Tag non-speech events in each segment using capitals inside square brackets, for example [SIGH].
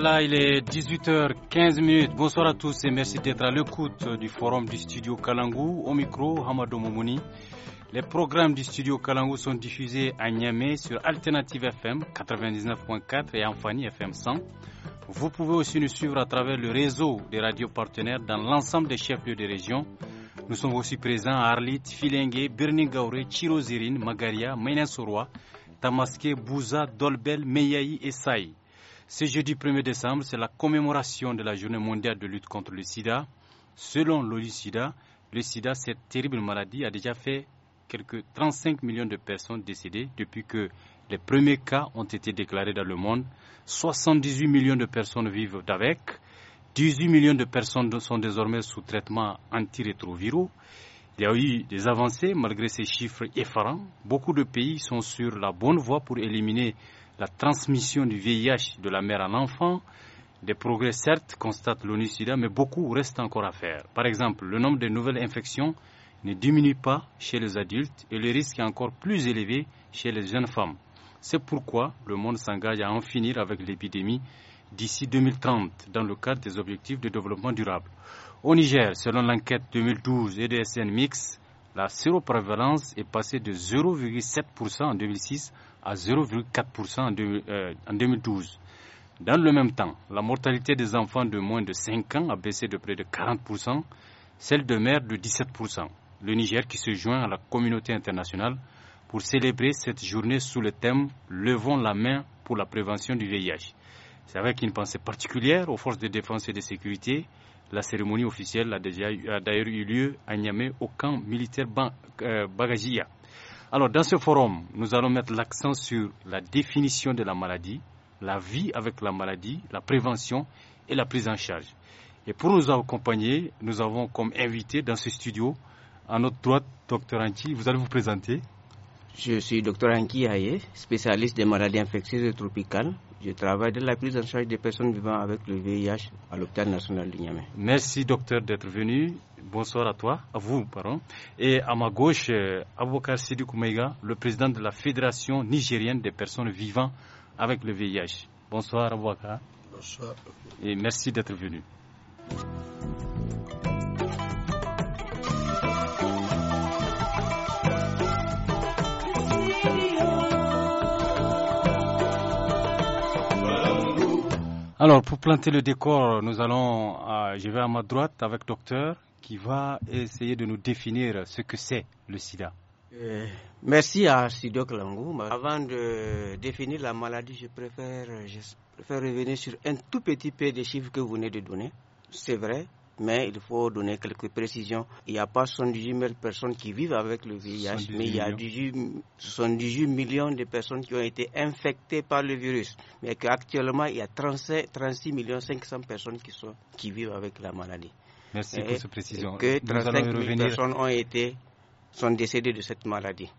Voilà, il est 18h15. Bonsoir à tous et merci d'être à l'écoute du forum du studio Kalangou. Au micro, Hamadou Moumouni. Les programmes du studio Kalangou sont diffusés à Niamey sur Alternative FM 99.4 et Amphani FM 100. Vous pouvez aussi nous suivre à travers le réseau des radios partenaires dans l'ensemble des chefs-lieux des régions. Nous sommes aussi présents à Arlit, Filengue, Birningaure, Chirozirine, Magaria, Mainensorwa, Tamaské, Bouza, Dolbel, Meyaï et Saï. Ce jeudi 1er décembre, c'est la commémoration de la journée mondiale de lutte contre le sida. Selon l'ONU le sida, cette terrible maladie, a déjà fait quelques 35 millions de personnes décédées depuis que les premiers cas ont été déclarés dans le monde. 78 millions de personnes vivent d'avec. 18 millions de personnes sont désormais sous traitement antirétroviraux. Il y a eu des avancées malgré ces chiffres effarants. Beaucoup de pays sont sur la bonne voie pour éliminer la transmission du VIH de la mère à l'enfant. Des progrès, certes, constate l'ONU-SIDA, mais beaucoup reste encore à faire. Par exemple, le nombre de nouvelles infections ne diminue pas chez les adultes et le risque est encore plus élevé chez les jeunes femmes. C'est pourquoi le monde s'engage à en finir avec l'épidémie d'ici 2030 dans le cadre des objectifs de développement durable. Au Niger, selon l'enquête 2012 et EDSN Mix, la séroprévalence est passée de 0,7% en 2006 à 0,4% en, 2012. Euh, Dans le même temps, la mortalité des enfants de moins de 5 ans a baissé de près de 40%, celle de mères de 17%. Le Niger qui se joint à la communauté internationale pour célébrer cette journée sous le thème Levons la main pour la prévention du VIH. C'est avec une pensée particulière aux forces de défense et de sécurité la cérémonie officielle a d'ailleurs eu lieu à Niamey au camp militaire Bagajia. Euh, Alors, dans ce forum, nous allons mettre l'accent sur la définition de la maladie, la vie avec la maladie, la prévention et la prise en charge. Et pour nous accompagner, nous avons comme invité dans ce studio, à notre droite, Dr Anki. Vous allez vous présenter. Je suis Dr Anki Haye, spécialiste des maladies infectieuses et tropicales je travaille de la prise en charge des personnes vivant avec le VIH à l'hôpital national de Niamey. Merci docteur d'être venu. Bonsoir à toi, à vous, pardon. Et à ma gauche, euh, Avocat Sidi Koumeiga, le président de la Fédération nigérienne des personnes vivant avec le VIH. Bonsoir Aboukar. Bonsoir. Et merci d'être venu. Alors, pour planter le décor, nous allons, euh, je vais à ma droite avec docteur qui va essayer de nous définir ce que c'est le sida. Euh, merci à Sido Klangou. Avant de définir la maladie, je préfère, je préfère revenir sur un tout petit peu des chiffres que vous venez de donner. C'est vrai, mais il faut donner quelques précisions. Il n'y a pas 78 000 personnes qui vivent avec le VIH, mais il y a 18, 78 millions de personnes qui ont été infectées par le virus, mais actuellement, il y a 36, millions 500 personnes qui, sont, qui vivent avec la maladie. Merci pour cette précision. Que 35 000 de personnes ont été, sont décédées de cette maladie.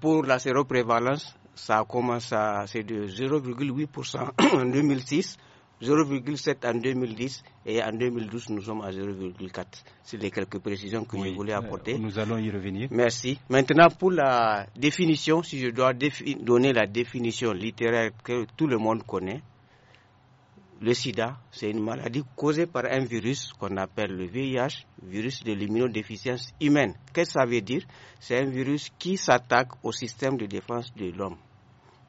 pour la séroprévalence, ça commence à, c'est de 0,8% en 2006. 0,7 en 2010 et en 2012 nous sommes à 0,4. C'est les quelques précisions que je voulais euh, apporter. Nous allons y revenir. Merci. Maintenant pour la définition, si je dois donner la définition littéraire que tout le monde connaît, le sida, c'est une maladie causée par un virus qu'on appelle le VIH, virus de l'immunodéficience humaine. Qu'est-ce que ça veut dire C'est un virus qui s'attaque au système de défense de l'homme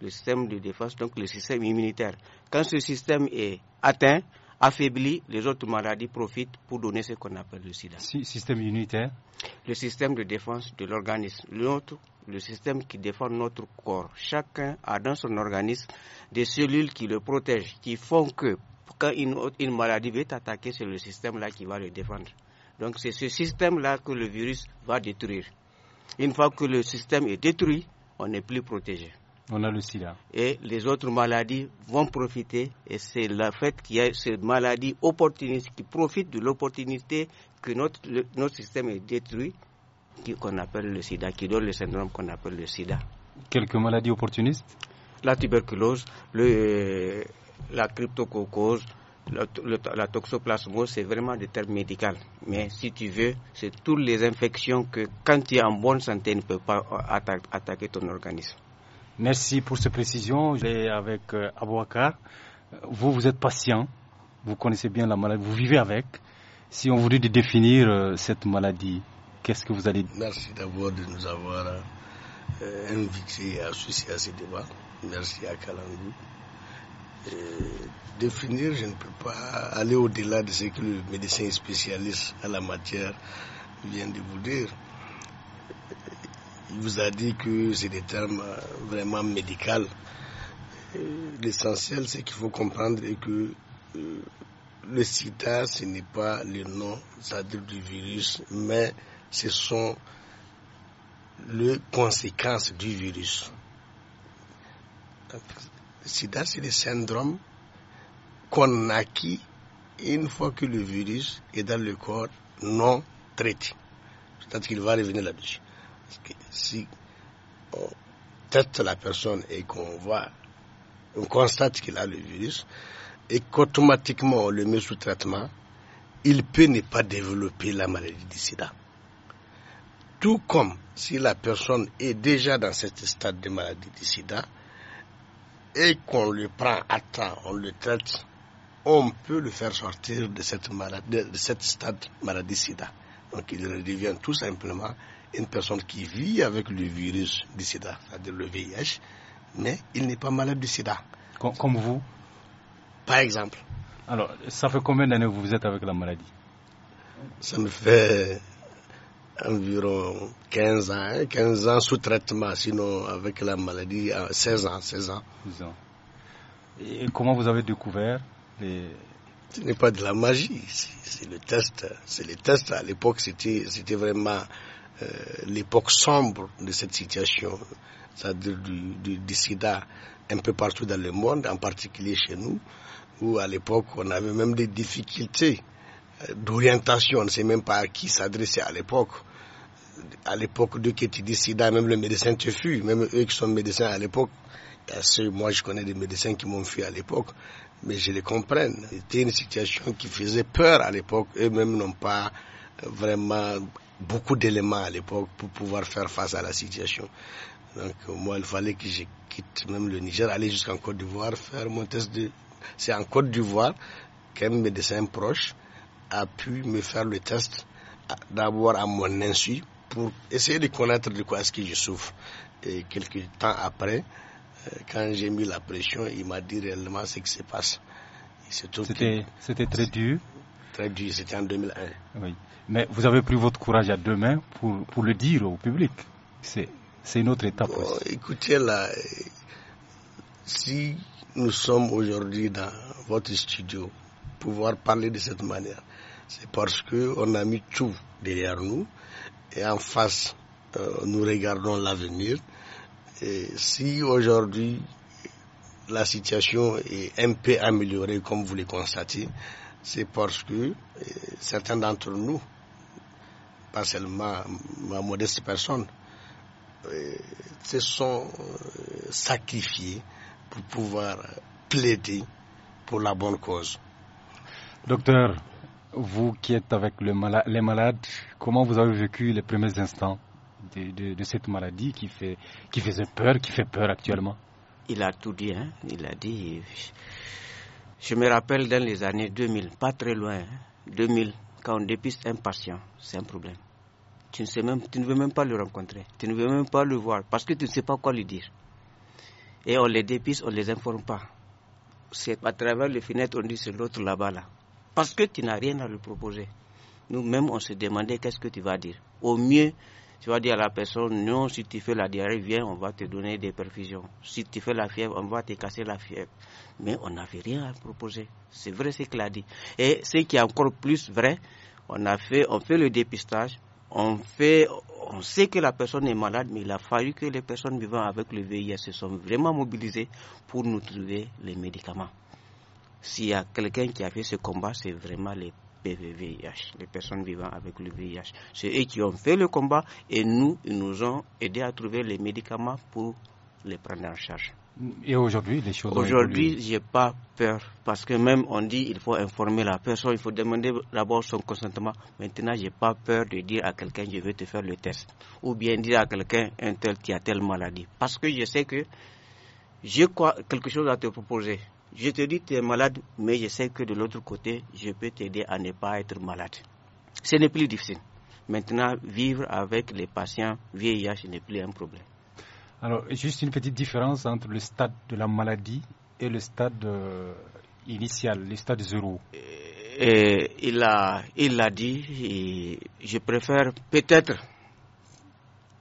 le système de défense, donc le système immunitaire. Quand ce système est atteint, affaibli, les autres maladies profitent pour donner ce qu'on appelle le sida. système immunitaire Le système de défense de l'organisme. L'autre, le système qui défend notre corps. Chacun a dans son organisme des cellules qui le protègent, qui font que quand une, une maladie veut attaquer, c'est le système-là qui va le défendre. Donc c'est ce système-là que le virus va détruire. Une fois que le système est détruit, on n'est plus protégé. On a le sida. Et les autres maladies vont profiter. Et c'est la fait qu'il y a ces maladies opportunistes qui profitent de l'opportunité que notre, notre système est détruit, qu'on appelle le sida, qui donne le syndrome qu'on appelle le sida. Quelques maladies opportunistes La tuberculose, le, la cryptococose, la, la toxoplasmose, c'est vraiment des termes médicaux. Mais si tu veux, c'est toutes les infections que, quand tu es en bonne santé, ne peuvent pas attaquer ton organisme. Merci pour ces précisions. Je avec euh, Abouakar. Vous, vous êtes patient. Vous connaissez bien la maladie. Vous vivez avec. Si on voulait définir euh, cette maladie, qu'est-ce que vous allez dire Merci d'abord de nous avoir euh, invités et associés à ce débat. Merci à Kalangu. Euh, définir, je ne peux pas aller au-delà de ce que le médecin spécialiste à la matière vient de vous dire vous a dit que c'est des termes euh, vraiment médicaux. Euh, l'essentiel, c'est qu'il faut comprendre que euh, le sida, ce n'est pas le nom, du virus, mais ce sont les conséquences du virus. Le sida, c'est le syndrome qu'on acquit une fois que le virus est dans le corps non traité. C'est-à-dire qu'il va revenir là-dessus si on teste la personne et qu'on voit, on constate qu'il a le virus et qu'automatiquement on le met sous traitement, il peut ne pas développer la maladie du sida. Tout comme si la personne est déjà dans cet stade de maladie du sida et qu'on le prend à temps, on le traite, on peut le faire sortir de, cette maladie, de cette stade maladie sida. Donc il redevient tout simplement une personne qui vit avec le virus du sida, c'est-à-dire le VIH, mais il n'est pas malade du sida. Comme, vous Par exemple. Alors, ça fait combien d'années que vous êtes avec la maladie Ça me fait environ 15 ans, 15 hein, ans sous traitement, sinon avec la maladie, 16 euh, ans, 16 ans. 16 ans. Et comment vous avez découvert Ce n'est pas de la magie, c'est le test. C'est le test. À l'époque, c'était vraiment euh, l'époque sombre de cette situation, c'est-à-dire du, du, sida un peu partout dans le monde, en particulier chez nous, où à l'époque on avait même des difficultés euh, d'orientation, on ne sait même pas à qui s'adresser à l'époque. À l'époque de dis Sida, même le médecin te fuit, même eux qui sont médecins à l'époque, moi je connais des médecins qui m'ont fui à l'époque, mais je les comprends. C'était une situation qui faisait peur à l'époque, eux-mêmes n'ont pas vraiment beaucoup d'éléments à l'époque pour pouvoir faire face à la situation. Donc euh, moi, il fallait que je quitte même le Niger, aller jusqu'en Côte d'Ivoire, faire mon test de... C'est en Côte d'Ivoire qu'un médecin proche a pu me faire le test d'abord à mon insu pour essayer de connaître de quoi est-ce que je souffre. Et quelques temps après, euh, quand j'ai mis la pression, il m'a dit réellement ce qui se passe. C'était très dur. Très dur, c'était en 2001. Oui. Mais vous avez pris votre courage à deux mains pour, pour le dire au public. C'est une autre étape. Oh, écoutez, là, si nous sommes aujourd'hui dans votre studio, pouvoir parler de cette manière, c'est parce que on a mis tout derrière nous et en face, euh, nous regardons l'avenir. Et si aujourd'hui la situation est un peu améliorée, comme vous le constatez, c'est parce que euh, certains d'entre nous pas seulement ma modeste personne, euh, se sont euh, sacrifiés pour pouvoir plaider pour la bonne cause. Docteur, vous qui êtes avec les malades, comment vous avez vécu les premiers instants de, cette maladie qui, fait, qui faisait peur, qui fait peur actuellement Il a tout dit, hein. il a dit. Je me rappelle dans les années 2000, pas très loin, 2000, hein quand on dépiste un patient, c'est un problème. Tu ne, sais même, tu ne veux même pas le rencontrer, tu ne veux même pas le voir, parce que tu ne sais pas quoi lui dire. Et on les dépiste, on ne les informe pas. C'est à travers les fenêtres, on dit c'est l'autre là-bas, là. Parce que tu n'as rien à lui proposer. Nous-mêmes, on se demandait qu'est-ce que tu vas dire. Au mieux, tu vas dire à la personne, non, si tu fais la diarrhée, viens, on va te donner des perfusions. Si tu fais la fièvre, on va te casser la fièvre. Mais on n'avait rien à proposer. C'est vrai ce qu'il a dit. Et ce qui est encore plus vrai, on fait, le dépistage, on sait que la personne est malade, mais il a fallu que les personnes vivant avec le VIH se sont vraiment mobilisées pour nous trouver les médicaments. S'il y a quelqu'un qui a fait ce combat, c'est vraiment les PVVIH, les personnes vivant avec le VIH. C'est eux qui ont fait le combat et nous, ils nous ont aidés à trouver les médicaments pour les prendre en charge. Et aujourd'hui, les choses Aujourd'hui, j'ai pas peur parce que même on dit il faut informer la personne, il faut demander d'abord son consentement. Maintenant, j'ai pas peur de dire à quelqu'un je veux te faire le test ou bien dire à quelqu'un un tel qui a telle maladie parce que je sais que j'ai quelque chose à te proposer. Je te dis, tu es malade, mais je sais que de l'autre côté, je peux t'aider à ne pas être malade. Ce n'est plus difficile. Maintenant, vivre avec les patients VIH n'est plus un problème. Alors, juste une petite différence entre le stade de la maladie et le stade euh, initial, le stade zéro. Euh, euh, il a, l'a dit. je préfère peut-être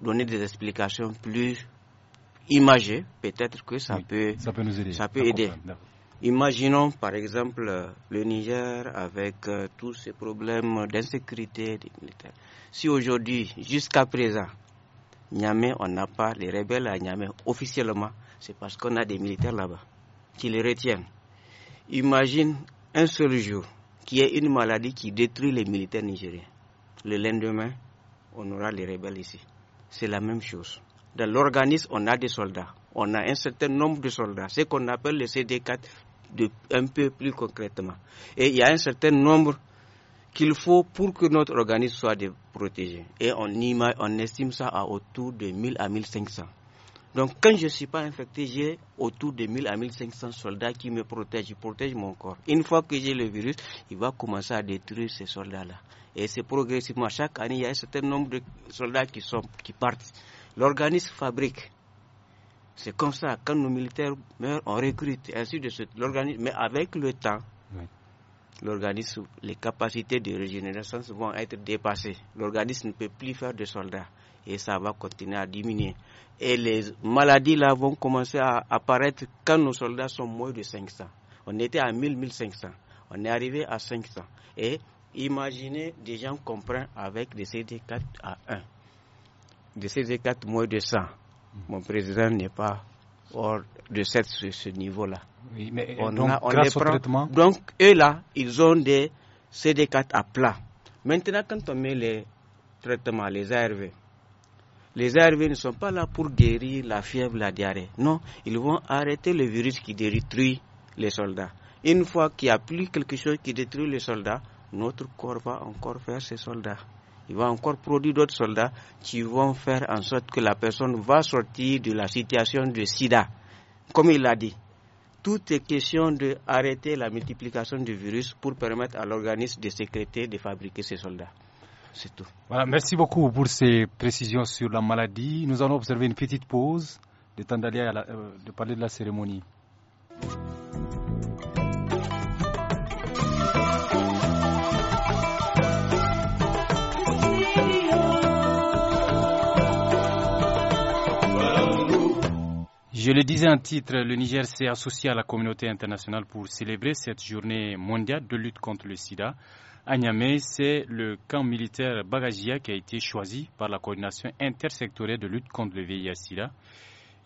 donner des explications plus imagées. Peut-être que ça peut, nous aider. Ça peut aider. Imaginons par exemple le Niger avec euh, tous ces problèmes d'insécurité des militaires. Si aujourd'hui, jusqu'à présent, Niamey, on n'a pas les rebelles à Niamey officiellement, c'est parce qu'on a des militaires là-bas qui les retiennent. Imagine un seul jour qu'il y ait une maladie qui détruit les militaires nigériens. Le lendemain, on aura les rebelles ici. C'est la même chose. Dans l'organisme, on a des soldats. On a un certain nombre de soldats. Ce qu'on appelle le CD4, un peu plus concrètement. Et il y a un certain nombre qu'il faut pour que notre organisme soit protégé. Et on, estime ça à autour de 1000 à 1500. Donc quand je ne suis pas infecté, j'ai autour de 1000 à 1500 soldats qui me protègent, qui protègent mon corps. Une fois que j'ai le virus, il va commencer à détruire ces soldats-là. Et c'est progressivement. Chaque année, il y a un certain nombre de soldats qui partent. L'organisme fabrique c'est comme ça, quand nos militaires meurent, on recrute, ainsi de suite. L'organisme, mais avec le temps, l'organisme, les capacités de régénération vont être dépassées. L'organisme ne peut plus faire de soldats et ça va continuer à diminuer. Et les maladies là vont commencer à apparaître quand nos soldats sont moins de 500. On était à 1000, 1500. On est arrivé à 500. Et imaginez des gens qu'on prend avec des CD4 à 1. Des CD4 moins de 100. Mon président n'est pas hors de cette, ce, niveau-là. Oui, mais euh, on donc, a, Donc, eux là, ils ont des CD4 à plat. Maintenant, quand on met les traitements, les ARV, les ARV ne sont pas là pour guérir la fièvre, la diarrhée. Non, ils vont arrêter le virus qui détruit les soldats. Une fois qu'il n'y a plus quelque chose qui détruit les soldats, notre corps va encore faire ses soldats il va encore produire d'autres soldats qui vont faire en sorte que la personne va sortir de la situation de sida. Comme il l'a dit, tout est question d'arrêter la multiplication du virus pour permettre à l'organisme de sécréter, de fabriquer ses soldats. C'est tout. Voilà, merci beaucoup pour ces précisions sur la maladie. Nous allons observer une petite pause, de temps d'aller euh, de parler de la cérémonie. Je le disais en titre, le Niger s'est associé à la communauté internationale pour célébrer cette journée mondiale de lutte contre le sida. À Niamey, c'est le camp militaire Bagagia qui a été choisi par la coordination intersectorielle de lutte contre le VIH-Sida.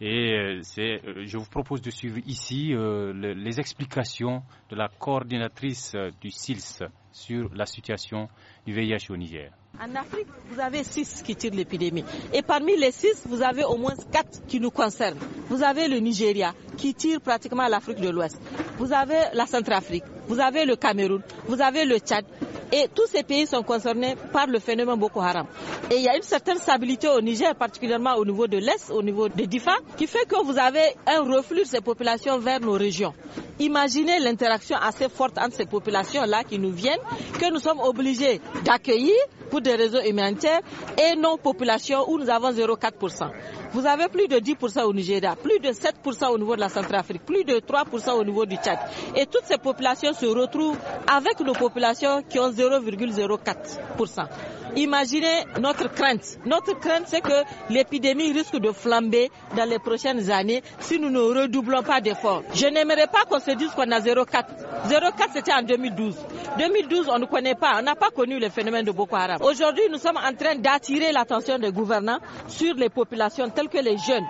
Et euh, euh, je vous propose de suivre ici euh, les explications de la coordinatrice du SILS sur la situation en Afrique, vous avez six qui tirent l'épidémie. Et parmi les six, vous avez au moins quatre qui nous concernent. Vous avez le Nigeria qui tire pratiquement l'Afrique de l'Ouest. Vous avez la Centrafrique, vous avez le Cameroun, vous avez le Tchad. Et tous ces pays sont concernés par le phénomène Boko Haram. Et il y a une certaine stabilité au Niger, particulièrement au niveau de l'Est, au niveau des Difa, qui fait que vous avez un reflux de ces populations vers nos régions. Imaginez l'interaction assez forte entre ces populations-là qui nous viennent, que nous sommes obligés d'accueillir pour des raisons humanitaires et non populations où nous avons 0,4%. Vous avez plus de 10% au Nigeria, plus de 7% au niveau de la Centrafrique, plus de 3% au niveau du Tchad. Et toutes ces populations se retrouvent avec nos populations qui ont 0,04%. Imaginez notre crainte. Notre crainte, c'est que l'épidémie risque de flamber dans les prochaines années si nous ne redoublons pas d'efforts. Je n'aimerais pas qu'on se dise qu'on a 0,4. 0,4, c'était en 2012. 2012, on ne connaît pas, on n'a pas connu le phénomène de Boko Haram. Aujourd'hui, nous sommes en train d'attirer l'attention des gouvernants sur les populations telles que les jeunes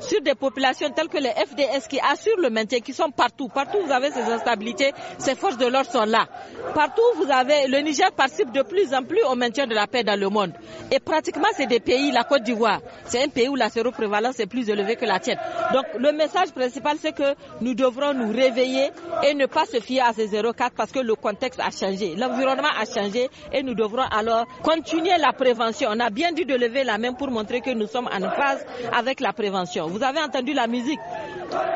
sur des populations telles que les FDS qui assurent le maintien, qui sont partout. Partout vous avez ces instabilités, ces forces de l'ordre sont là. Partout vous avez, le Niger participe de plus en plus au maintien de la paix dans le monde. Et pratiquement c'est des pays, la Côte d'Ivoire, c'est un pays où la séroprévalence est plus élevée que la tienne. Donc le message principal c'est que nous devrons nous réveiller et ne pas se fier à ces 0,4 parce que le contexte a changé, l'environnement a changé et nous devrons alors continuer la prévention. On a bien dû de lever la main pour montrer que nous sommes en phase avec la prévention. Vous avez entendu la musique.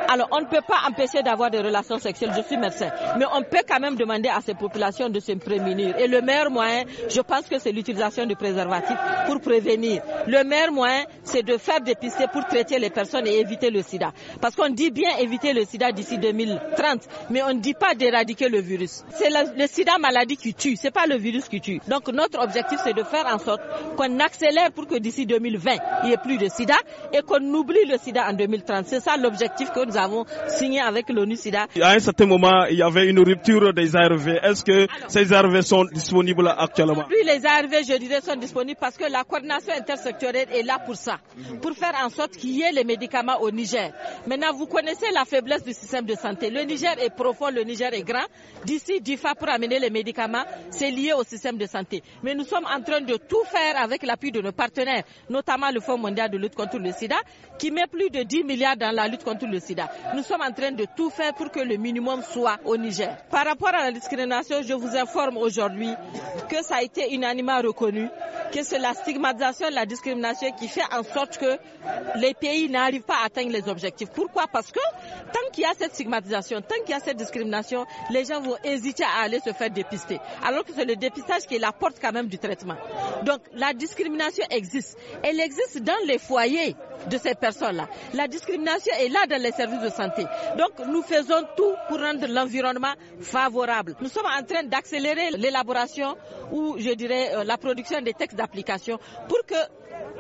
Alors, on ne peut pas empêcher d'avoir des relations sexuelles. Je suis médecin. Mais on peut quand même demander à ces populations de se prémunir. Et le meilleur moyen, je pense que c'est l'utilisation du préservatif pour prévenir. Le meilleur moyen, c'est de faire dépister pour traiter les personnes et éviter le sida. Parce qu'on dit bien éviter le sida d'ici 2030, mais on ne dit pas d'éradiquer le virus. C'est le, sida maladie qui tue, c'est pas le virus qui tue. Donc, notre objectif, c'est de faire en sorte qu'on accélère pour que d'ici 2020, il n'y ait plus de sida et qu'on oublie le sida en 2030. C'est ça l'objectif que nous avons signé avec l'ONU sida. À un certain moment, il y avait une rupture des ARV. Est-ce que ces ARV sont disponibles actuellement Oui, les ARV, je dirais, sont disponibles parce que la coordination intersectorielle est là pour ça, pour faire en sorte qu'il y ait les médicaments au Niger. Maintenant, vous connaissez la faiblesse du système de santé. Le Niger est profond, le Niger est grand. D'ici, DIFA pour amener les médicaments, c'est lié au système de santé. Mais nous sommes en train de tout faire avec l'appui de nos partenaires, notamment le Fonds mondial de lutte contre le sida, qui met plus de 10 milliards dans la lutte contre le sida. Nous sommes en train de tout faire pour que le minimum soit au Niger. Par rapport à la discrimination, je vous informe aujourd'hui que ça a été unanimement reconnu que c'est la stigmatisation, la discrimination qui fait en sorte que les pays n'arrivent pas à atteindre les objectifs. Pourquoi Parce que tant qu'il y a cette stigmatisation, tant qu'il y a cette discrimination, les gens vont hésiter à aller se faire dépister. Alors que c'est le dépistage qui est la porte quand même du traitement. Donc la discrimination existe. Elle existe dans les foyers de ces personnes-là. La discrimination est là dans les services de santé. Donc nous faisons tout pour rendre l'environnement favorable. Nous sommes en train d'accélérer l'élaboration ou je dirais euh, la production des textes d'application pour que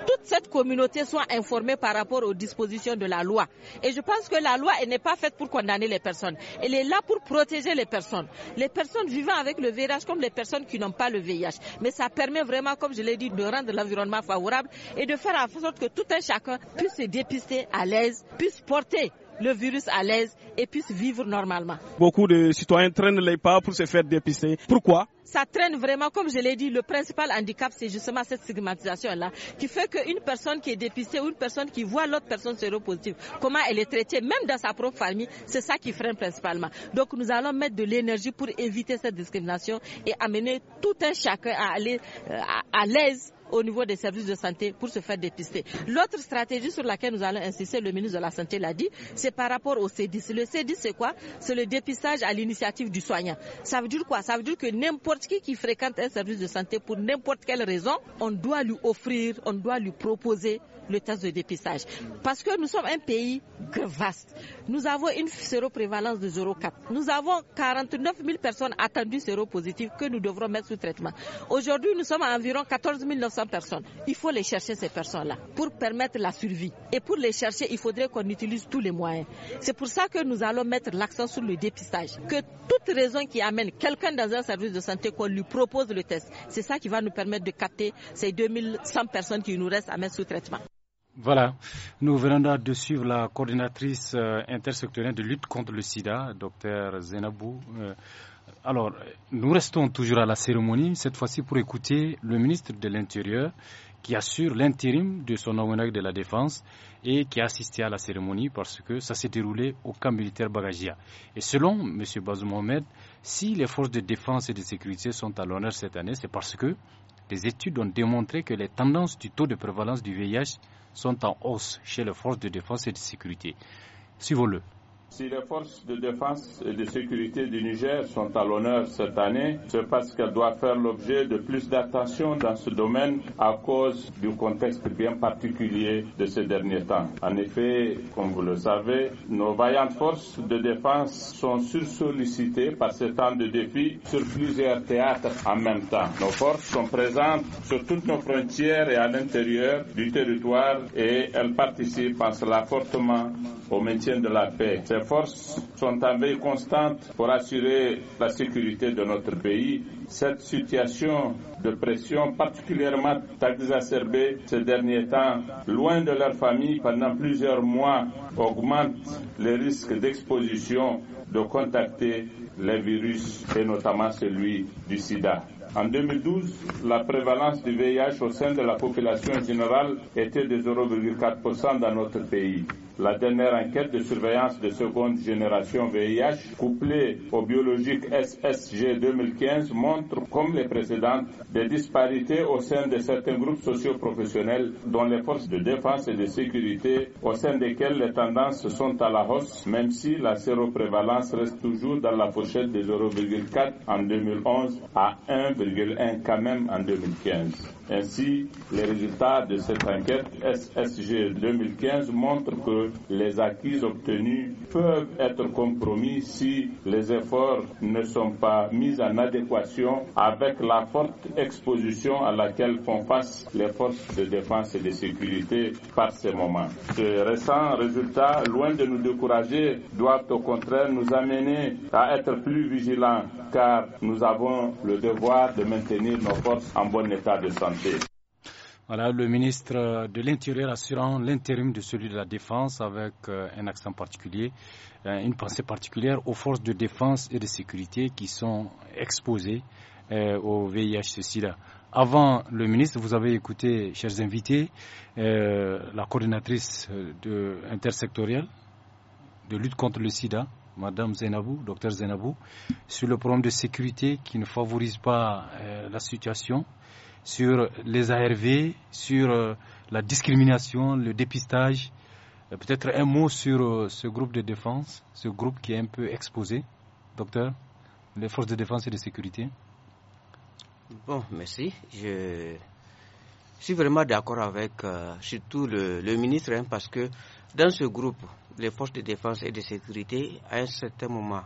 toute cette communauté soit informée par rapport aux dispositions de la loi. Et je pense que la loi n'est pas faite pour condamner les personnes. Elle est là pour protéger les personnes. Les personnes vivant avec le VIH comme les personnes qui n'ont pas le VIH. Mais ça permet vraiment, comme je l'ai dit, de rendre l'environnement favorable et de faire en sorte que tout un chacun puisse se dépister à l'aise, puisse porter le virus à l'aise et puisse vivre normalement. Beaucoup de citoyens traînent les pas pour se faire dépister. Pourquoi ça traîne vraiment, comme je l'ai dit, le principal handicap, c'est justement cette stigmatisation-là, qui fait qu'une personne qui est dépistée ou une personne qui voit l'autre personne séropositive, comment elle est traitée, même dans sa propre famille, c'est ça qui freine principalement. Donc nous allons mettre de l'énergie pour éviter cette discrimination et amener tout un chacun à aller euh, à, l'aise au niveau des services de santé pour se faire dépister. L'autre stratégie sur laquelle nous allons insister, le ministre de la Santé l'a dit, c'est par rapport au C10. Le C10, c'est quoi C'est le dépistage à l'initiative du soignant. Ça veut dire quoi Ça veut dire que n'importe qui fréquente un service de santé pour n'importe quelle raison, on doit lui offrir, on doit lui proposer le test de dépistage. Parce que nous sommes un pays vaste. Nous avons une séroprévalence de 0,4. Nous avons 49 000 personnes attendues séropositives que nous devrons mettre sous traitement. Aujourd'hui, nous sommes à environ 14 900 personnes. Il faut les chercher, ces personnes-là, pour permettre la survie. Et pour les chercher, il faudrait qu'on utilise tous les moyens. C'est pour ça que nous allons mettre l'accent sur le dépistage. Que toute raison qui amène quelqu'un dans un service de santé, qu'on lui propose le test, c'est ça qui va nous permettre de capter ces 2100 personnes qui nous restent à mettre sous traitement. Voilà, nous venons de suivre la coordinatrice euh, intersectorielle de lutte contre le sida, docteur Zenabou. Euh, alors, nous restons toujours à la cérémonie, cette fois-ci pour écouter le ministre de l'Intérieur qui assure l'intérim de son homologue de la Défense et qui a assisté à la cérémonie parce que ça s'est déroulé au camp militaire Bagagia. Et selon M. Bazou Mohamed, si les forces de défense et de sécurité sont à l'honneur cette année, c'est parce que des études ont démontré que les tendances du taux de prévalence du VIH sont en hausse chez les forces de défense et de sécurité. Suivons-le. Si les forces de défense et de sécurité du Niger sont à l'honneur cette année, c'est parce qu'elles doivent faire l'objet de plus d'attention dans ce domaine à cause du contexte bien particulier de ces derniers temps. En effet, comme vous le savez, nos vaillantes forces de défense sont sursollicitées par ces temps de défi sur plusieurs théâtres en même temps. Nos forces sont présentes sur toutes nos frontières et à l'intérieur du territoire et elles participent en cela fortement au maintien de la paix. Les forces sont en veille constante pour assurer la sécurité de notre pays. Cette situation de pression particulièrement exacerbée ces derniers temps, loin de leur famille pendant plusieurs mois, augmente les risques d'exposition de contacter les virus et notamment celui du sida. En 2012, la prévalence du VIH au sein de la population générale était de 0,4% dans notre pays. La dernière enquête de surveillance de seconde génération VIH, couplée au biologique SSG 2015, montre, comme les précédentes, des disparités au sein de certains groupes socioprofessionnels, dont les forces de défense et de sécurité, au sein desquelles les tendances sont à la hausse, même si la séroprévalence reste toujours dans la fourchette de 0,4 en 2011 à 1,1 quand même en 2015. Ainsi, les résultats de cette enquête SSG 2015 montrent que les acquis obtenus peuvent être compromis si les efforts ne sont pas mis en adéquation avec la forte exposition à laquelle font face les forces de défense et de sécurité par ces moments. Ces récents résultats, loin de nous décourager, doivent au contraire nous amener à être plus vigilants car nous avons le devoir de maintenir nos forces en bon état de santé. Voilà le ministre de l'Intérieur assurant l'intérim de celui de la Défense avec euh, un accent particulier, euh, une pensée particulière aux forces de défense et de sécurité qui sont exposées euh, au VIH-Sida. Avant le ministre, vous avez écouté, chers invités, la coordinatrice de, intersectorielle de lutte contre le sida, Madame Zenabou, docteur Zenabou, sur le problème de sécurité qui ne favorise pas la situation sur les ARV, sur euh, la discrimination, le dépistage. Euh, peut-être un mot sur euh, ce groupe de défense, ce groupe qui est un peu exposé, docteur, les forces de défense et de sécurité. Bon, merci. Je suis vraiment d'accord avec surtout le, ministre, hein, parce que dans ce groupe, les forces de défense et de sécurité, à un certain moment,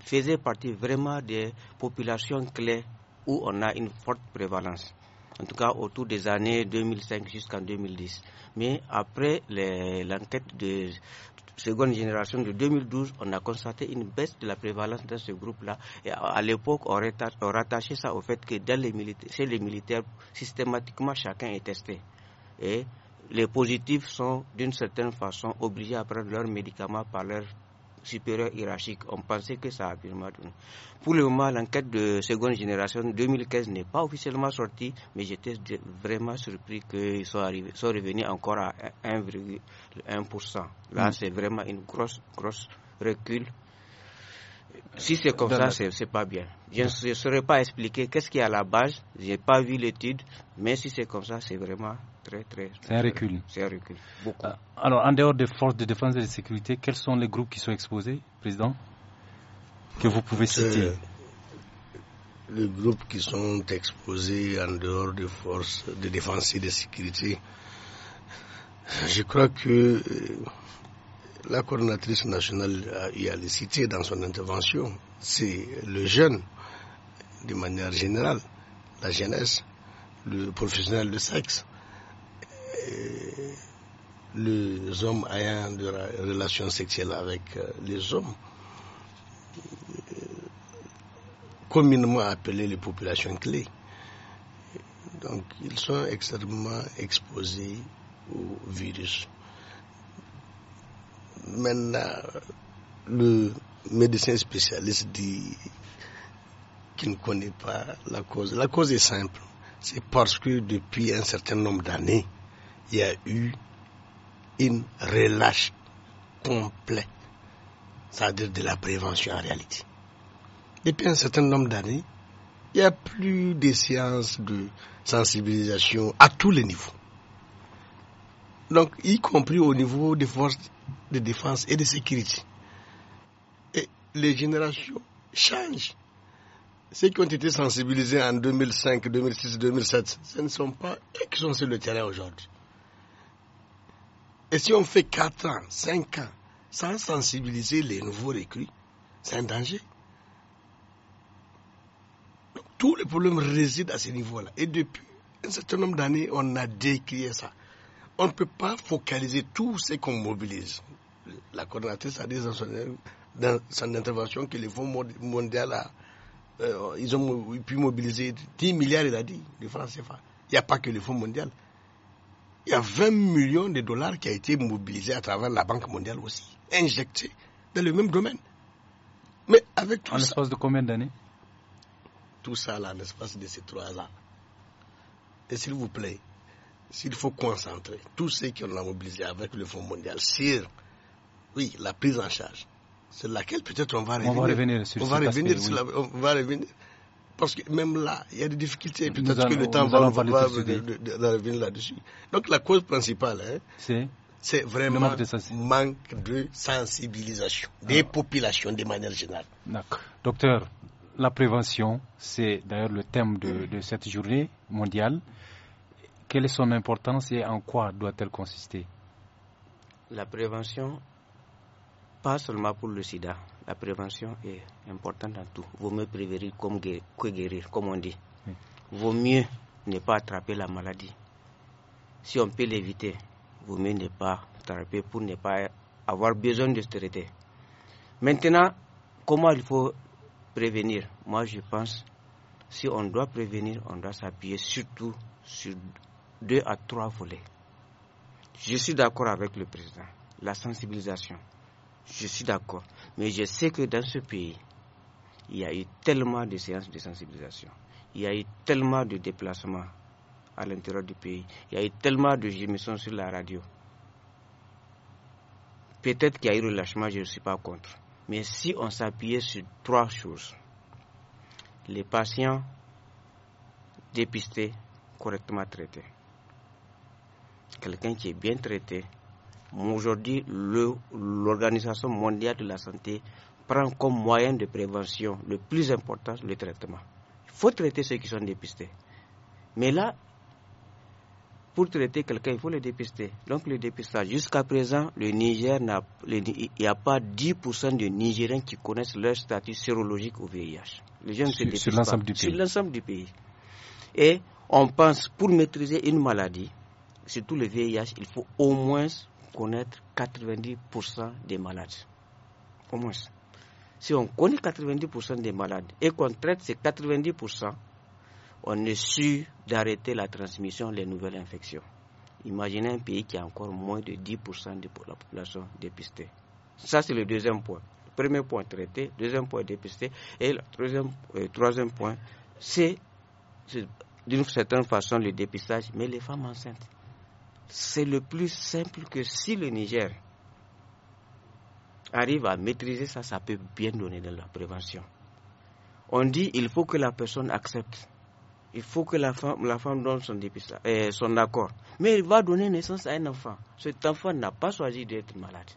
faisaient partie vraiment des populations clés où on a une forte prévalence, en tout cas autour des années 2005 jusqu'en 2010. Mais après l'enquête de seconde génération de 2012, on a constaté une baisse de la prévalence dans ce groupe-là. Et à, l'époque, on, rattachait ça au fait que dans chez les militaires, systématiquement, chacun est testé. Et les positifs sont, d'une certaine façon, obligés à prendre leurs médicaments par leur supérieur hiérarchique. On pensait que ça a purement Pour le moment, l'enquête de seconde génération 2015 n'est pas officiellement sortie, mais j'étais vraiment surpris qu'ils soient, revenus encore à 1,1%. Là, mm. c'est vraiment une grosse, grosse recul si c'est comme ça, c'est pas bien. Je ne saurais pas expliquer qu'est-ce qu'il y a à la base. je n'ai pas vu l'étude, mais si c'est comme ça, c'est vraiment c'est un recul. C'est un recul, euh, Alors, en dehors des forces de défense et de sécurité, quels sont les groupes qui sont exposés, Président, que vous pouvez euh, citer Les groupes qui sont exposés en dehors des forces de défense et de sécurité, je crois que euh, la coordinatrice nationale y a les cité dans son intervention. C'est le jeune, de manière générale, la jeunesse, le professionnel de sexe, euh, les hommes ayant des relations sexuelles avec euh, les hommes, euh, communément appelés les populations clés. Donc ils sont extrêmement exposés au virus. Maintenant, le médecin spécialiste dit qu'il ne connaît pas la cause. La cause est simple. C'est parce que depuis un certain nombre d'années, il y a eu une relâche complète, c'est-à-dire de la prévention en réalité. Et puis, un certain nombre d'années, il n'y a plus de séances de sensibilisation à tous les niveaux. Donc, y compris au niveau des forces de défense et de sécurité. Et les générations changent. Ceux qui ont été sensibilisés en 2005, 2006, 2007, ce ne sont pas eux qui sont sur le terrain aujourd'hui. Et si on fait 4 ans, 5 ans, sans sensibiliser les nouveaux recrues, c'est un danger. Donc, les problèmes problème à ce niveau-là. Et depuis un certain nombre d'années, on a décrié ça. On ne peut pas focaliser tout ce qu'on mobilise. La coordinatrice a dit dans son, intervention que les Fonds mondial euh, ils ont pu mobiliser 10 milliards, il a dit, de francs CFA. Il n'y a pas que les Fonds mondial il y a 20 millions de dollars qui ont été mobilisés à travers la Banque mondiale aussi, injectés dans le même domaine. Mais avec tout ça. En l'espace de combien d'années Tout ça, là, en l'espace de ces trois ans. Et s'il vous plaît, s'il faut concentrer tous ceux qui ont mobilisé avec le Fonds mondial sur, oui, la prise en charge, sur laquelle peut-être on va revenir. On va revenir sur, on va on va revenir parce que même là, il y a des difficultés. Peut-être que le temps va, revenir là-dessus. Donc la cause principale, hein, c'est vraiment manque de, manque de sensibilisation ah. des populations de manière générale. Docteur, la prévention, c'est d'ailleurs le thème de, de, cette journée mondiale. Quelle est son importance et en quoi doit-elle consister La prévention, pas seulement pour le sida, la prévention est importante dans tout. Vaut mieux prévenir comme que guérir, comme on dit. Vaut mieux ne pas attraper la maladie. Si on peut l'éviter, vaut mieux ne pas attraper pour ne pas avoir besoin de se traiter. Maintenant, comment il faut prévenir Moi, je pense, si on doit prévenir, on doit s'appuyer surtout sur deux à trois volets. Je suis d'accord avec le président. La sensibilisation, je suis d'accord. Mais je sais que dans ce pays, il y a eu tellement de séances de sensibilisation, il y a eu tellement de déplacements à l'intérieur du pays, il y a eu tellement de gémissons sur la radio. Peut-être qu'il y a eu relâchement, je ne suis pas contre. Mais si on s'appuyait sur trois choses, les patients dépistés, correctement traités, quelqu'un qui est bien traité, Aujourd'hui, l'Organisation mondiale de la santé prend comme moyen de prévention le plus important le traitement. Il faut traiter ceux qui sont dépistés. Mais là, pour traiter quelqu'un, il faut le dépister. Donc le dépistage, jusqu'à présent, le Niger n'a, il n'y a pas 10% de Nigériens qui connaissent leur statut sérologique au VIH. Les jeunes se sur l'ensemble du pays. Sur l'ensemble du pays. Et on pense, pour maîtriser une maladie, surtout le VIH, il faut au moins connaître 90% des malades. comment ça. Si on connaît 90% des malades et qu'on traite ces 90%, on est sûr d'arrêter la transmission des nouvelles infections. Imaginez un pays qui a encore moins de 10% de la population dépistée. Ça, c'est le deuxième point. premier point traité, deuxième point dépisté. Et le troisième, euh, troisième point, c'est d'une certaine façon le dépistage, mais les femmes enceintes c'est le plus simple que si le Niger arrive à maîtriser ça, ça peut bien donner de la prévention. On dit il faut que la personne accepte. Il faut que la femme, donne son, euh, son accord. Mais il va donner naissance à un enfant. Cet enfant n'a pas choisi d'être malade.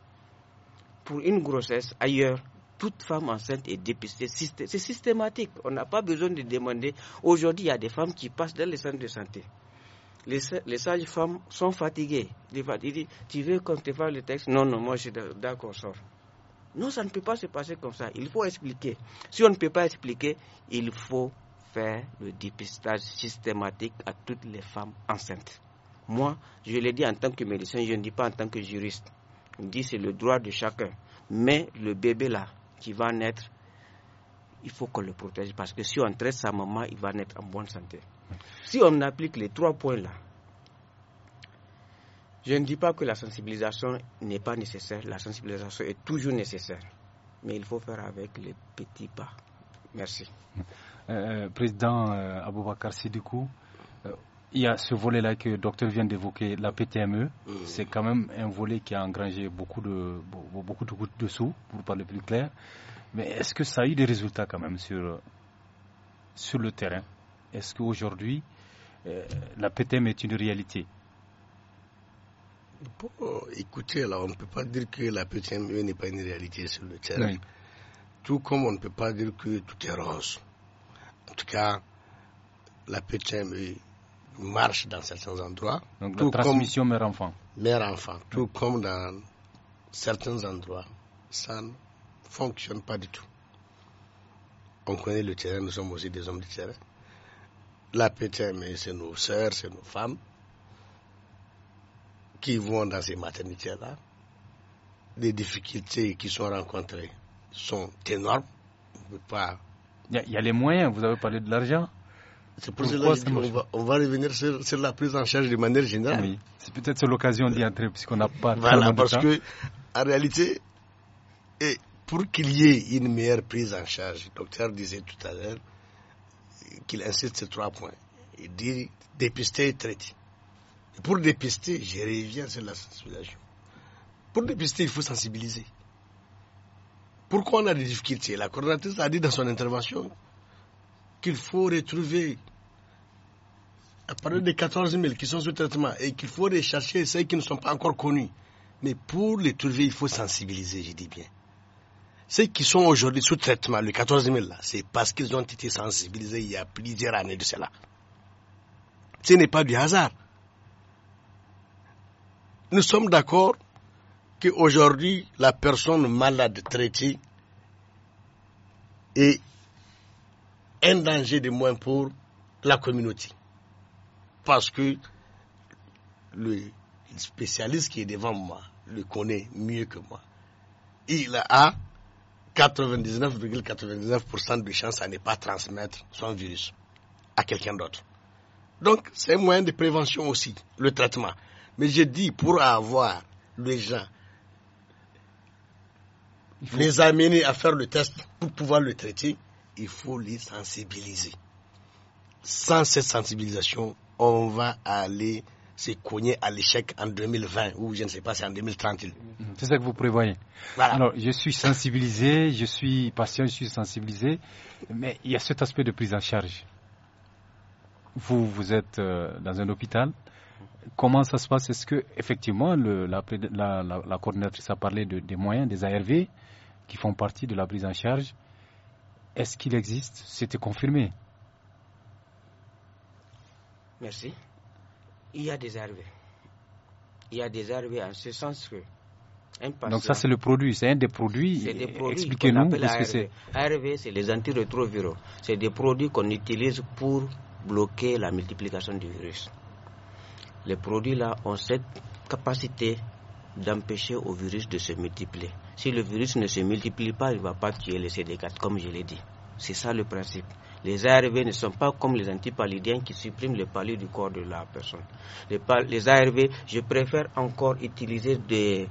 Pour une grossesse, ailleurs, toute femme enceinte est dépistée. C'est systématique. On n'a pas besoin de demander. Aujourd'hui, il y a des femmes qui passent dans les centres de santé les, sages-femmes sont fatiguées. Ils disent, tu veux qu'on te fasse le texte Non, non, moi je suis d'accord, sort. Non, ça ne peut pas se passer comme ça. Il faut expliquer. Si on ne peut pas expliquer, il faut faire le dépistage systématique à toutes les femmes enceintes. Moi, je l'ai dit en tant que médecin, je ne dis pas en tant que juriste. Je dis c'est le droit de chacun. Mais le bébé là, qui va naître, il faut qu'on le protège parce que si on traite sa maman, il va naître en bonne santé. Si on applique les trois points là, je ne dis pas que la sensibilisation n'est pas nécessaire, la sensibilisation est toujours nécessaire, mais il faut faire avec les petits pas. Merci. Euh, euh, président euh, Aboubakar Sidikou, euh, il y a ce volet-là que le docteur vient d'évoquer, la PTME. Mm. C'est quand même un volet qui a engrangé beaucoup de, beaucoup de, de sous, pour parler plus clair. Mais est-ce que ça a eu des résultats quand même sur le terrain est-ce qu'aujourd'hui, euh, la PTM est une réalité Écoutez, là, on ne peut pas dire que la PTM n'est pas une réalité sur le terrain. Tout comme on ne peut pas dire que tout est rose. En tout cas, la PTM marche dans certains endroits. Donc la transmission mère-enfant. Mère-enfant, tout comme dans certains endroits, ça ne fonctionne pas du tout. On connaît le terrain, nous sommes aussi des hommes du terrain. La PTM, c'est nos sœurs, c'est nos femmes qui vont dans ces maternités-là. Les difficultés qui sont rencontrées sont énormes. Il pas... y, a, y, a les moyens, vous avez parlé de l'argent. C'est pour va, on va revenir sur, la prise en charge de manière générale. C'est peut-être l'occasion d'y entrer puisqu'on n'a pas. Voilà, parce de que en réalité, et pour qu'il y ait une meilleure prise en charge, le docteur disait tout à l'heure, qu'il insiste sur trois points. Il dit dépister et traiter. pour dépister, je reviens sur la sensibilisation. Pour dépister, il faut sensibiliser. Pourquoi on a des difficultés La coordinatrice a dit dans son intervention qu'il faut retrouver, à partir des 14 000 qui sont sous traitement, et qu'il faut rechercher ceux qui ne sont pas encore connus. Mais pour les trouver, il faut sensibiliser, je dis bien. Ceux qui sont aujourd'hui sous traitement, le 14 000 là, c'est parce qu'ils ont été sensibilisés il y a plusieurs années de cela. Ce n'est pas du hasard. Nous sommes d'accord qu'aujourd'hui, la personne malade traitée est un danger de moins pour la communauté. Parce que le spécialiste qui est devant moi le connaît mieux que moi. Il a 99,99% de chances à ne pas transmettre son virus à quelqu'un d'autre. Donc, c'est un moyen de prévention aussi, le traitement. Mais je dis, pour avoir les gens, les amener à faire le test pour pouvoir le traiter, il faut les sensibiliser. Sans cette sensibilisation, on va aller c'est cogné à l'échec en 2020 ou je ne sais pas, c'est en 2030. Mhm. C'est ça que vous prévoyez. Alors, je suis sensibilisé, je suis patient, je suis sensibilisé, mais il y a cet aspect de prise en charge. Vous, vous êtes euh, dans un hôpital. Comment ça se passe Est-ce que effectivement, la, la, coordinatrice a parlé des moyens, des ARV qui font partie de la prise en charge Est-ce qu'il existe C'était confirmé. Merci. Il y a des arrivées. Il y a des RV en ce sens que. Donc ça c'est le produit, c'est un des produits. Expliquez-nous ce que c'est. ARV, c'est les antirétroviraux. C'est des produits qu'on utilise pour bloquer la multiplication du virus. Les produits là ont cette capacité d'empêcher au virus de se multiplier. Si le virus ne se multiplie pas, il ne va pas tuer les CD4 comme je l'ai dit. C'est ça le principe. Les ARV ne sont pas comme les antipalidiens qui suppriment le palu du corps de la personne. Les, ARV, je préfère encore utiliser des,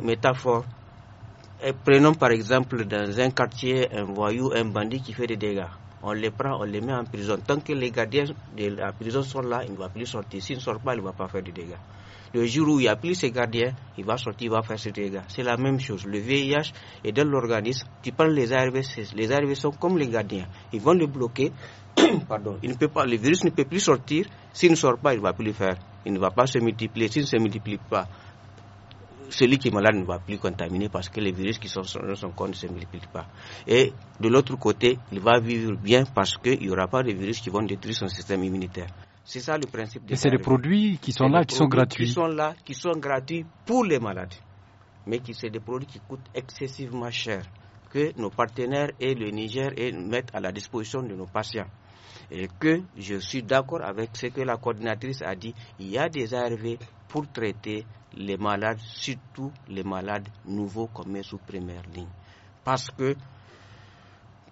métaphores prenons par exemple dans un quartier un voyou, un bandit qui fait des dégâts. On les prend, on les met en prison. Tant que les gardiens de la prison sont là, il ne va plus sortir. S'il ne sort pas, il ne va pas faire de dégâts. Le jour où il n'y a plus ses gardiens, il va sortir, il va faire ses dégâts. C'est la même chose. Le VIH est dans l'organisme. Tu prends les ARVC. les ARV sont comme les gardiens. Ils vont le bloquer. [COUGHS] Pardon. Il ne peut pas, le virus ne peut plus sortir. S'il ne sort pas, il ne va plus le faire. Il ne va pas se multiplier. S'il ne se multiplie pas, celui qui est malade ne va plus contaminer parce que les virus qui sont dans son corps ne se multiplient pas. Et de l'autre côté, il va vivre bien parce qu'il n'y aura pas de virus qui vont détruire son système immunitaire. C'est ça le principe. Et c'est des produits qui sont là, qui sont gratuits. Qui sont là, qui sont gratuits pour les malades, mais qui c'est des produits qui coûtent excessivement cher que nos partenaires et le Niger mettent à la disposition de nos patients. Et que je suis d'accord avec ce que la coordinatrice a dit, il y a des ARV pour traiter les malades, surtout les malades nouveaux comme sous première ligne. Parce que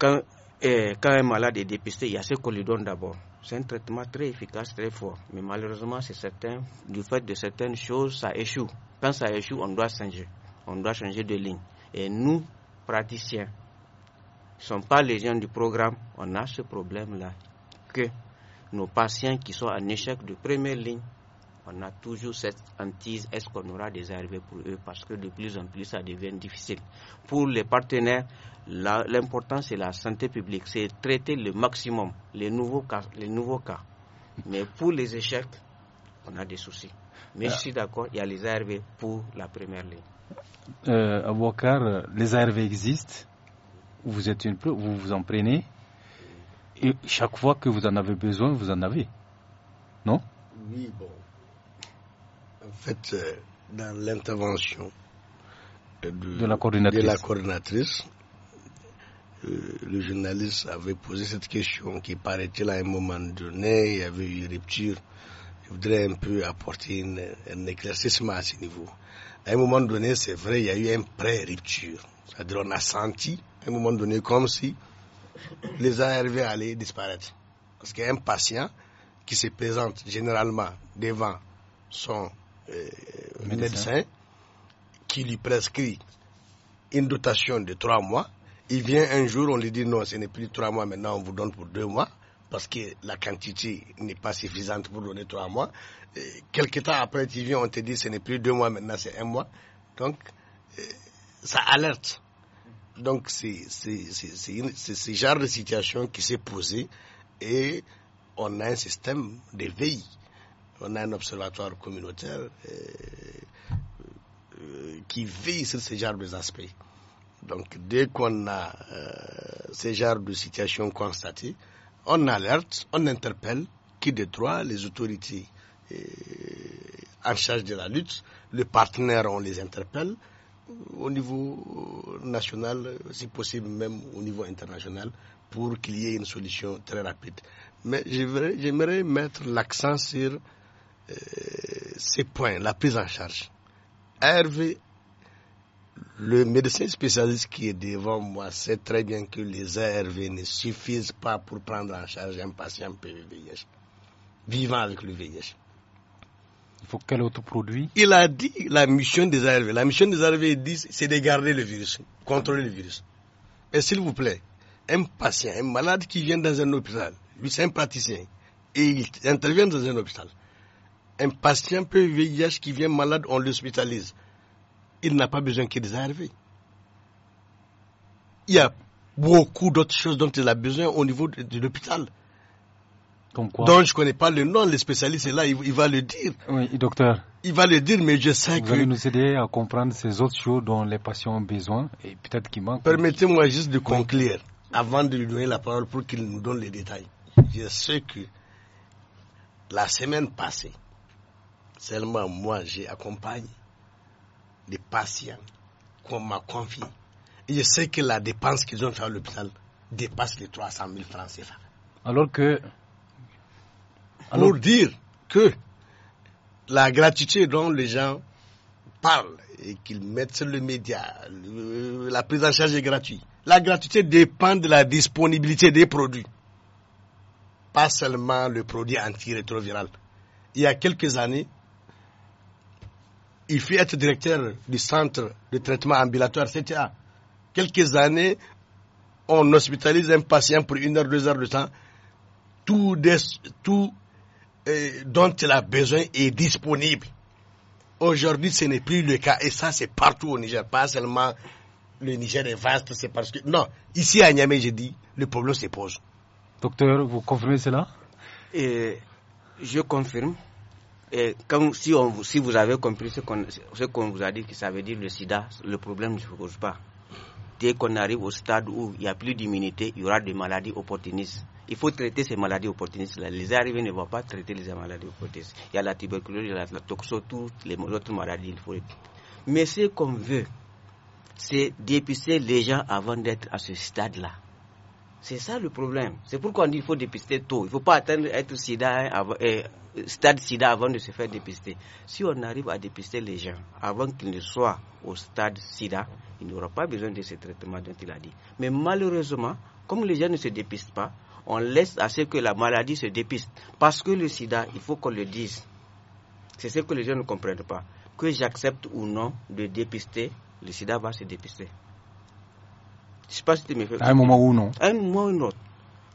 quand, eh, quand un malade est dépisté, il y a ce qu'on lui donne d'abord. C'est un traitement très efficace, très fort. Mais malheureusement, c'est certain, du fait de certaines choses, ça échoue. Quand ça échoue, on doit changer. On doit changer de ligne. Et nous, praticiens, qui ne sommes pas les gens du programme. On a ce problème-là que nos patients qui sont en échec de première ligne on a toujours cette hantise, est-ce qu'on aura des ARV pour eux Parce que de plus en plus, ça devient difficile. Pour les partenaires, l'important, c'est la santé publique, c'est traiter le maximum les nouveaux cas. Les nouveaux cas. Mais pour les échecs, on a des soucis. Mais je ah. suis d'accord, il y a les ARV pour la première ligne. Euh, les ARV existent. Vous êtes vous vous en prenez. Et chaque fois que vous en avez besoin, vous en avez. Non Oui, bon, fait, euh, dans l'intervention de, la coordinatrice, euh, le journaliste avait posé cette question qui paraît-il à un moment donné, il y avait eu une rupture. Je voudrais un peu apporter un éclaircissement à ce niveau. À un moment donné, c'est vrai, il y a eu une pré-rupture. C'est-à-dire on a senti, à un moment donné, comme si les ARV allaient disparaître. Parce qu'un patient qui se présente généralement devant son euh, médecin. qui lui prescrit une dotation de trois mois. Il vient un jour, on lui dit non, ce n'est plus trois mois, maintenant on vous donne pour deux mois parce que la quantité n'est pas suffisante pour donner trois mois. quelques temps après, tu viens, on te dit ce n'est plus deux mois, maintenant c'est un mois. Donc, euh, ça alerte. Donc, c'est ce genre de situation qui s'est posée et on a un système de veille on a un observatoire communautaire euh, euh, qui vit sur ces genres d'aspects. Donc, dès qu'on a euh, ces genres de situations constatées, on alerte, on interpelle qui de droit les autorités en charge de la lutte, les partenaires, on les interpelle au niveau national, si possible même au niveau international, pour qu'il y ait une solution très rapide. Mais j'aimerais mettre l'accent sur euh, ces points, la prise en charge. Hervé, le médecin spécialiste qui est devant moi sait très bien que les ARV ne suffisent pas pour prendre en charge un patient PVVIH, vivant avec le VIH. Il faut quel autre produit Il a dit la mission des ARV. La mission des ARV, c'est de garder le virus, contrôler le virus. Et s'il vous plaît, un patient, un malade qui vient dans un hôpital, lui c'est un praticien, et il intervient dans un hôpital, un patient peu qui vient malade, on l'hospitalise. Il n'a pas besoin qu'il les Il y a beaucoup d'autres choses dont il a besoin au niveau de, l'hôpital. Donc je ne connais pas le nom, le spécialiste est là, il, va le dire. Oui, docteur. Il va le dire, mais je sais que... Vous va nous aider à comprendre ces autres choses dont les patients ont besoin et peut-être qu'ils manque Permettez-moi juste de conclure, avant de lui donner la parole pour qu'il nous donne les détails. Je sais que la semaine passée, Seulement, moi, j'accompagne les patients qu'on m'a confiés. Et je sais que la dépense qu'ils ont fait à l'hôpital dépasse les 300 000 francs CFA. Alors que. Alors... dire que la gratuité dont les gens parlent et qu'ils mettent sur le média, la prise en charge est gratuite. La gratuité dépend de la disponibilité des produits, pas seulement le produit antirétroviral. Il y a quelques années, il fut être directeur du centre de traitement ambulatoire CTA. Quelques années, on hospitalise un patient pour une heure, deux heures de temps. Tout, euh, dont il a besoin est disponible. Aujourd'hui, ce n'est plus le cas. Et ça, c'est partout au Niger. Pas seulement le Niger est vaste, c'est parce que... Non, ici à Niamey, j'ai dit, le problème se pose. Docteur, vous confirmez cela Et Je confirme. Et si, on, si vous avez compris ce qu'on vous a dit, que ça veut dire le sida, le problème ne se pose pas. Dès qu'on arrive au stade où il n'y a plus d'immunité, il y aura des maladies opportunistes. Il faut traiter ces maladies opportunistes Les arrivés ne vont pas traiter les maladies opportunistes. Il y a la tuberculose, il y a la, la toutes les autres maladies. Il faut... Mais ce qu'on veut, c'est d'épicer les gens avant d'être à ce stade-là. C'est ça le problème. C'est pourquoi on dit qu'il faut dépister tôt. Il ne faut pas attendre être sida euh, stade sida avant de se faire dépister. Si on arrive à dépister les gens avant qu'ils ne soient au stade sida, il n'aura pas besoin de ce traitement dont il a dit. Mais malheureusement, comme les gens ne se dépistent pas, on laisse à ce que la maladie se dépiste. Parce que le sida, il faut qu'on le dise. C'est ce que les gens ne comprennent pas. Que j'accepte ou non de dépister, le sida va se dépister. Je sais pas si tu me fais. À un moment ou non. À un moment ou non.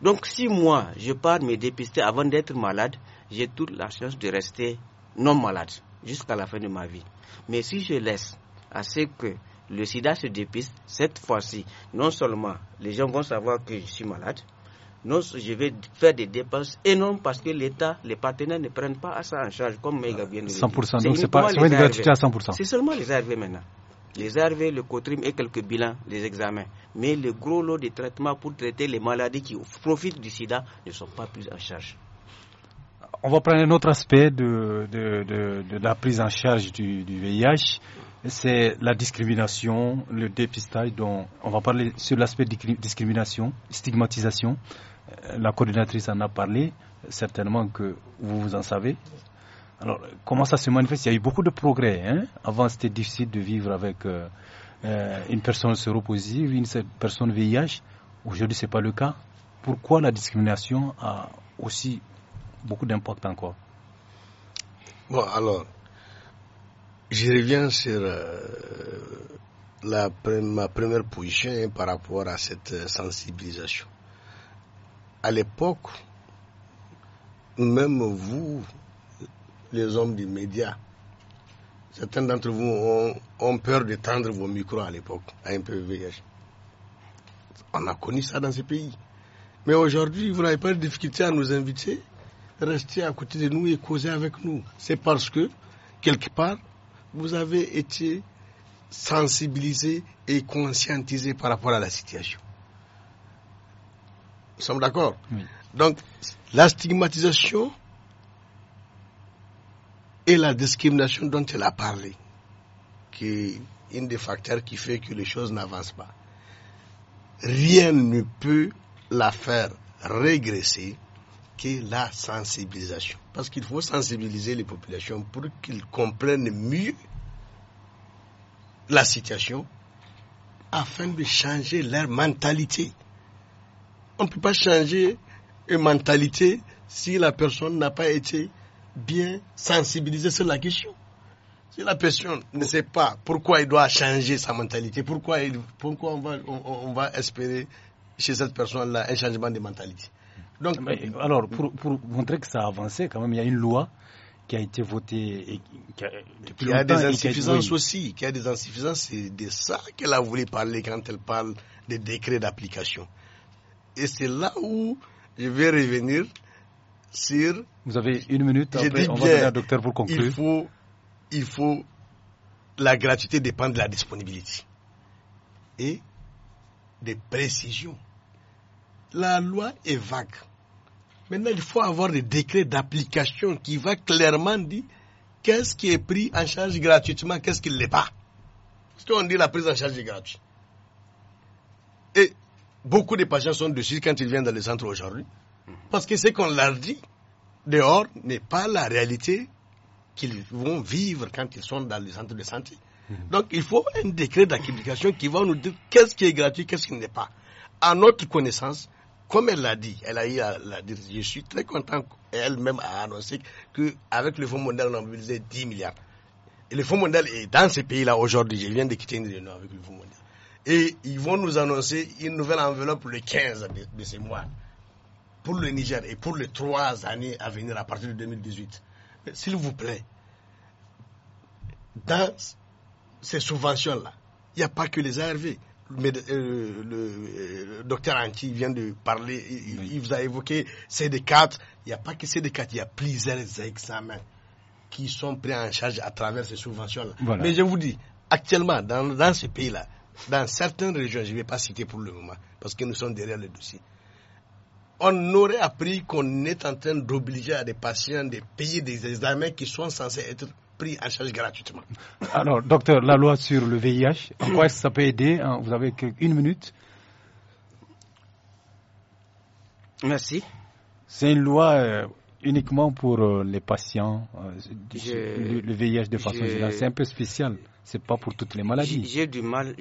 Donc si moi, je pars me dépister avant d'être malade, j'ai toute la chance de rester non malade jusqu'à la fin de ma vie. Mais si je laisse à ce que le sida se dépiste, cette fois-ci, non seulement les gens vont savoir que je suis malade, non, je vais faire des dépenses énormes parce que l'État, les partenaires ne prennent pas ça en charge, comme Mega ah, vient de le dire. 100%, donc c'est pas, pas, à 100%. C'est seulement les arrivées maintenant les ARV, le cotrim et quelques bilans, les examens. Mais le gros lot de traitements pour traiter les maladies qui profitent du sida ne sont pas pris en charge. On va prendre un autre aspect de, la prise en charge du, VIH, c'est la discrimination, le dépistage dont on va parler sur l'aspect discrimination, stigmatisation. Euh, la coordinatrice en a parlé, certainement que vous vous en savez. Alors, comment ça se manifeste Il y a eu beaucoup de progrès. Hein. Avant, c'était difficile de vivre avec euh, euh, une personne séropositive, une personne VIH. Aujourd'hui, ce n'est pas le cas. Pourquoi la discrimination a aussi beaucoup d'impact encore Bon, alors, je reviens sur euh, ma première position hein, par rapport à cette sensibilisation. À l'époque, même vous, les hommes du médias. Certains d'entre vous ont, peur de tendre vos micros à l'époque, à un PVVH. On a connu ça dans ces pays. Mais aujourd'hui, vous n'avez pas de difficulté à nous inviter. rester à côté de nous et causer avec nous. C'est parce que, quelque part, vous avez été sensibilisé et conscientisé par rapport à la situation. Nous sommes d'accord Donc, la stigmatisation, et la discrimination dont elle a parlé, qui est un des facteurs qui fait que les choses n'avancent pas. Rien ne peut la faire régresser que la sensibilisation. Parce qu'il faut sensibiliser les populations pour qu'ils comprennent mieux la situation afin de changer leur mentalité. On ne peut pas changer une mentalité si la personne n'a pas été bien sensibiliser sur la question. Si la personne ne sait pas pourquoi il doit changer sa mentalité, pourquoi, pourquoi on, va, espérer chez cette personne-là un changement de mentalité. Donc, alors, pour, pour, montrer que ça a avancé, quand même, il y a une loi qui a été votée. Et qui a, il y a des insuffisances aussi. Qui a des insuffisances, c'est de ça qu'elle a voulu parler quand elle parle des décrets d'application. Et c'est là où je vais revenir sur vous avez une minute. Après, on va donner docteur pour conclure. Il faut, la gratuité dépend de la disponibilité et des précisions. La loi est vague. Maintenant, il faut avoir des décrets d'application qui va clairement dire qu'est-ce qui est pris en charge gratuitement, qu'est-ce qui ne l'est pas. Parce qu'on dit la prise en charge est gratuite. Et beaucoup de patients sont dessus quand ils viennent dans les centres aujourd'hui. Parce que c'est qu'on leur dit, dehors n'est pas la réalité qu'ils vont vivre quand ils sont dans les centres de santé. Mhm. Donc il faut un décret d'acquisition qui va nous dire qu'est-ce qui est gratuit, qu'est-ce qui n'est pas. À notre connaissance, comme elle l'a dit, elle a eu je suis très content elle-même a annoncé qu'avec le Fonds mondial, on a mobilisé 10 milliards. Et le Fonds mondial est dans ces pays-là aujourd'hui. Je viens de quitter une réunion avec le Fonds mondial. Et ils vont nous annoncer une nouvelle enveloppe le 15 de, de ce mois pour le Niger et pour les trois années à venir à partir de 2018, s'il vous plaît, dans ces subventions-là, il n'y a pas que les ARV. Mais, euh, le, euh, docteur Anti vient de parler, il, vous a évoqué CD4. Il n'y a pas que CD4, il y a plusieurs examens qui sont pris en charge à travers ces subventions-là. Mais je vous dis, actuellement, dans, dans ce pays-là, dans certaines régions, je ne vais pas citer pour le moment, parce que nous sommes derrière le dossier, on aurait appris qu'on est en train d'obliger à des patients de payer des examens qui sont censés être pris en charge gratuitement. Alors, docteur, la loi sur le VIH, en quoi ça peut aider hein? Vous avez une minute. Merci. C'est une loi euh, uniquement pour euh, les patients, euh, le, VIH de façon générale. C'est un peu spécial. n'est pas pour toutes les maladies. J'ai du mal,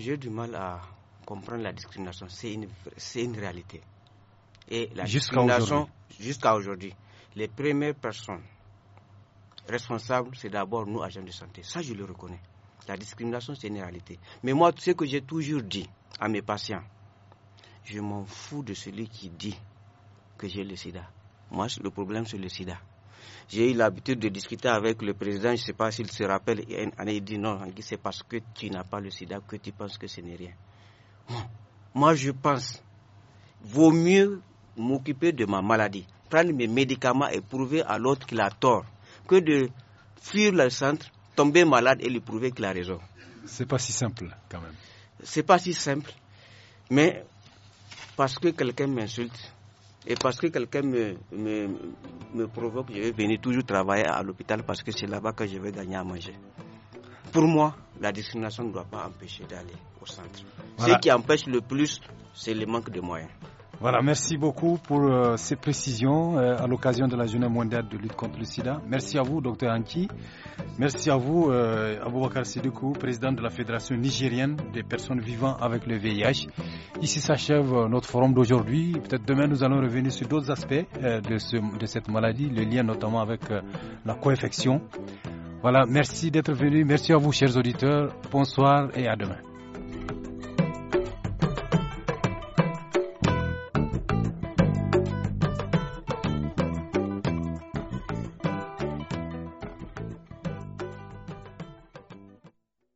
à comprendre la discrimination. C'est une réalité. Et la jusqu'à discrimination, jusqu'à aujourd'hui, les premières personnes responsables, c'est d'abord nous, agents de santé. Ça, je le reconnais. La discrimination, c'est une réalité. Mais moi, ce que j'ai toujours dit à mes patients, je m'en fous de celui qui dit que j'ai le sida. Moi, le problème, c'est le sida. J'ai eu l'habitude de discuter avec le président, je ne sais pas s'il se rappelle, et il dit non, c'est parce que tu n'as pas le sida que tu penses que ce n'est rien. Moi, je pense, vaut mieux m'occuper de ma maladie, prendre mes médicaments et prouver à l'autre qu'il a tort, que de fuir le centre, tomber malade et lui prouver qu'il a raison. C'est pas si simple quand même. C'est pas si simple, mais parce que quelqu'un m'insulte et parce que quelqu'un me, provoque, je vais venir toujours travailler à l'hôpital parce que c'est là-bas que je vais gagner à manger. Pour moi, la discrimination ne doit pas empêcher d'aller au centre. Ce qui empêche le plus, c'est le manque de moyens. Voilà, merci beaucoup pour euh, ces précisions euh, à l'occasion de la journée mondiale de lutte contre le sida. Merci à vous, docteur Anki. Merci à vous, euh, Aboubakar Sidoukou, président de la Fédération nigérienne des personnes vivant avec le VIH. Ici s'achève euh, notre forum d'aujourd'hui. Peut-être demain, nous allons revenir sur d'autres aspects de, de, cette maladie, le lien notamment avec la co-infection. Voilà, merci d'être venu. Merci à vous, chers auditeurs. Bonsoir et à demain.